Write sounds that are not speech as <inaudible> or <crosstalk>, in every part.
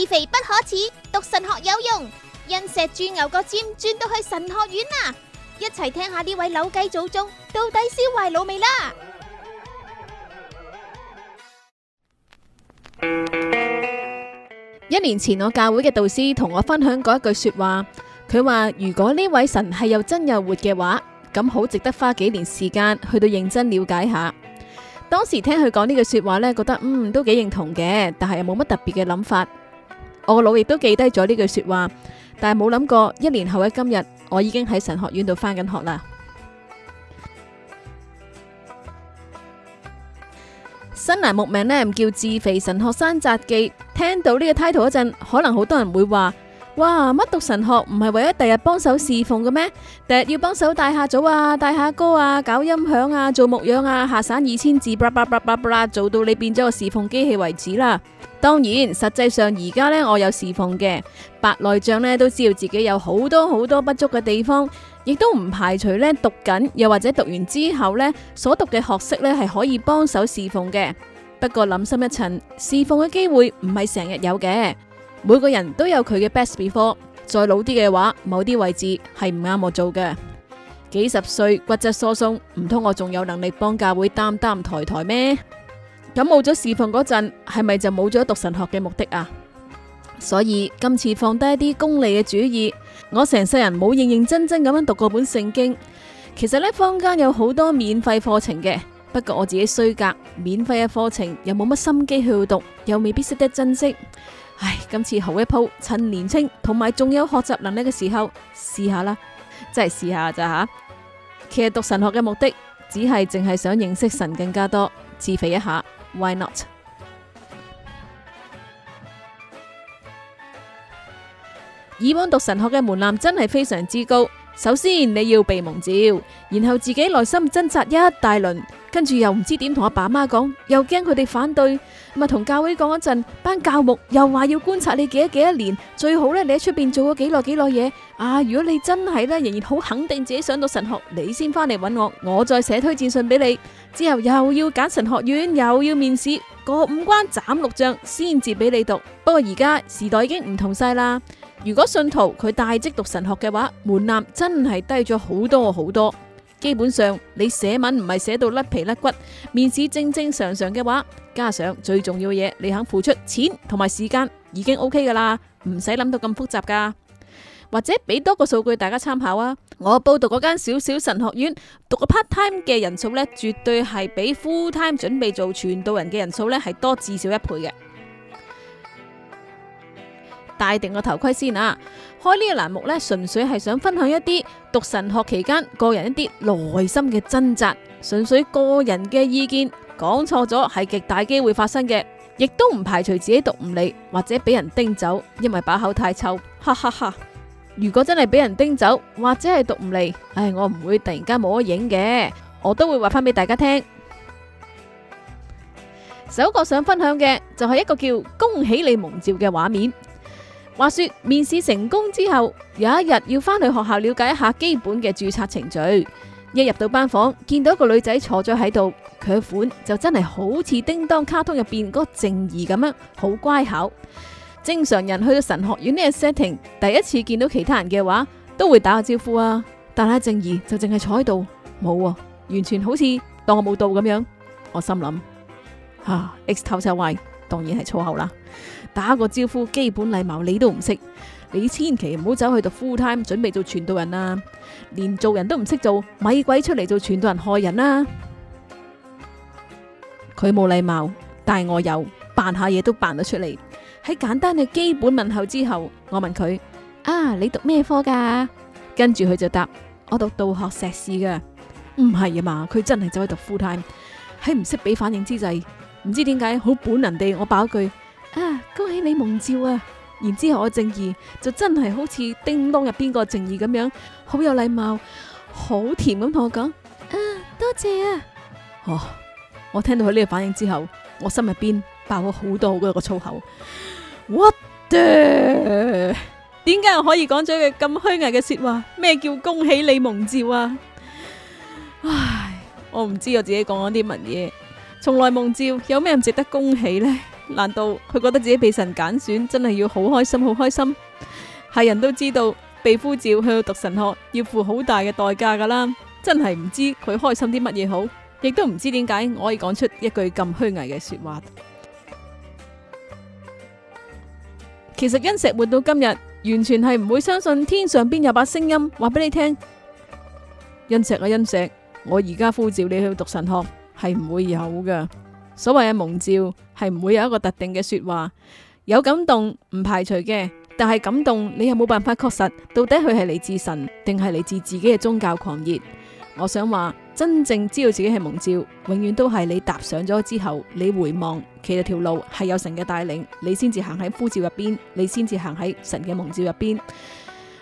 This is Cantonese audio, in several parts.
自肥不可恥，讀神學有用。因石鑽牛角尖，轉到去神學院啦。一齊聽下呢位扭計祖宗到底燒壞腦未啦？一年前，我教會嘅導師同我分享過一句說話，佢話如果呢位神係又真又活嘅話，咁好值得花幾年時間去到認真了解下。當時聽佢講呢句說話呢，覺得嗯都幾認同嘅，但係又冇乜特別嘅諗法。我個腦亦都記低咗呢句說話，但係冇諗過一年後嘅今日，我已經喺神學院度翻緊學啦。新欄目名呢，唔叫自肥神學生札記，聽到呢個 title 嗰陣，可能好多人會話。哇！乜讀神學唔係為咗第日幫手侍奉嘅咩？第日要幫手帶下組啊，帶下歌啊，搞音響啊，做牧養啊，下散二千字，巴拉巴拉巴拉，做到你變咗個侍奉機器為止啦。當然，實際上而家呢，我有侍奉嘅白內障呢，都知道自己有好多好多不足嘅地方，亦都唔排除呢讀緊，又或者讀完之後呢，所讀嘅學識呢係可以幫手侍奉嘅。不過諗深一層，侍奉嘅機會唔係成日有嘅。每個人都有佢嘅 best before。再老啲嘅話，某啲位置係唔啱我做嘅。幾十歲骨質疏鬆，唔通我仲有能力幫教會擔擔抬抬咩？咁冇咗侍奉嗰陣，係咪就冇咗讀神學嘅目的啊？所以今次放低啲功利嘅主意，我成世人冇認認真真咁樣讀過本聖經。其實呢坊間有好多免費課程嘅，不過我自己衰格，免費嘅課程又冇乜心機去讀，又未必識得珍惜。唉，今次好一鋪，趁年青同埋仲有學習能力嘅時候試下啦，真係試下咋吓？其實讀神學嘅目的，只係淨係想認識神更加多，自肥一下，Why not？以往讀神學嘅門檻真係非常之高。首先你要被蒙召，然後自己內心掙扎一大輪，着不跟住又唔知點同阿爸媽講，又驚佢哋反對，咪同教會講一陣，班教務又話要觀察你幾多幾多年，最好咧你喺出邊做咗幾耐幾耐嘢啊！如果你真係咧仍然好肯定自己想讀神學，你先翻嚟搵我，我再寫推薦信俾你。之後又要揀神學院，又要面試，過五關斬六將先至俾你讀。不過而家時代已經唔同晒啦。如果信徒佢帶職讀神學嘅話，門檻真係低咗好多好多。基本上你寫文唔係寫到甩皮甩骨，面試正正常常嘅話，加上最重要嘅嘢，你肯付出錢同埋時間，已經 OK 噶啦唔使諗到咁複雜噶。或者俾多個數據大家參考啊，我報讀嗰間小小神學院讀個 part time 嘅人數呢，絕對係比 full time 準備做傳道人嘅人數呢，係多至少一倍嘅。戴定個頭盔先啊！開呢個欄目呢，純粹係想分享一啲讀神學期間個人一啲內心嘅掙扎，純粹個人嘅意見，講錯咗係極大機會發生嘅，亦都唔排除自己讀唔嚟或者俾人叮走，因為把口太臭，哈哈哈！如果真係俾人叮走或者係讀唔嚟，唉，我唔會突然間冇咗影嘅，我都會話翻俾大家聽。首個想分享嘅就係、是、一個叫恭喜你蒙召嘅畫面。話說面試成功之後，有一日要翻去學校了解一下基本嘅註冊程序。一入到班房，見到一個女仔坐咗喺度，佢款就真係好似叮當卡通入邊嗰個靜兒咁樣，好乖巧。正常人去到神學院呢個 setting，第一次見到其他人嘅話，都會打個招呼啊。但係靜兒就淨係坐喺度，冇、啊、完全好似當我冇到咁樣。我心諗，啊 X 偷出 Y。當然係粗口啦！打個招呼，基本禮貌你都唔識，你千祈唔好走去讀 full time 準備做傳道人啦！連做人都唔識做，咪鬼出嚟做傳道人害人啦！佢冇 <noise> 禮貌，但係我有，扮下嘢都扮得出嚟。喺簡單嘅基本問候之後，我問佢：啊，你讀咩科噶？跟住佢就答：我讀道學碩士噶。唔係啊嘛，佢真係走去讀 full time，喺唔識俾反應之際。唔知點解好本能地，我爆一句啊！恭喜你蒙召啊！然之後我正義就真係好似叮當入邊個正義咁樣，好有禮貌，好甜咁同我講啊！多謝啊！哦，我聽到佢呢個反應之後，我心入邊爆咗好多好多個粗口。What the？點解我可以講咗句咁虛偽嘅說話？咩叫恭喜你蒙召啊？唉，我唔知我自己講咗啲乜嘢。從來夢照有咩唔值得恭喜呢？難道佢覺得自己被神揀選，真係要好開心好開心？係人都知道，被呼召去讀神學要付好大嘅代價噶啦，真係唔知佢開心啲乜嘢好，亦都唔知點解我可以講出一句咁虛偽嘅說話。其實殷石活到今日，完全係唔會相信天上邊有把聲音話俾你聽。殷石啊，殷石，我而家呼召你去讀神學。係唔會有噶？所謂嘅蒙召係唔會有一個特定嘅說話，有感動唔排除嘅，但係感動你又冇辦法確實到底佢係嚟自神定係嚟自自己嘅宗教狂熱。我想話真正知道自己係蒙召，永遠都係你踏上咗之後，你回望其實條路係有神嘅帶領，你先至行喺呼召入邊，你先至行喺神嘅蒙召入邊。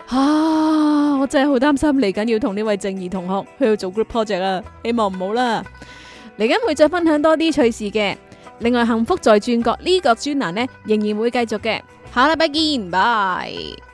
啊！我真係好擔心嚟緊要同呢位正義同學去去做 group project 啊！希望唔好啦。嚟緊會再分享多啲趣事嘅。另外，幸福在轉角呢個專欄呢，仍然會繼續嘅。下禮拜見，拜。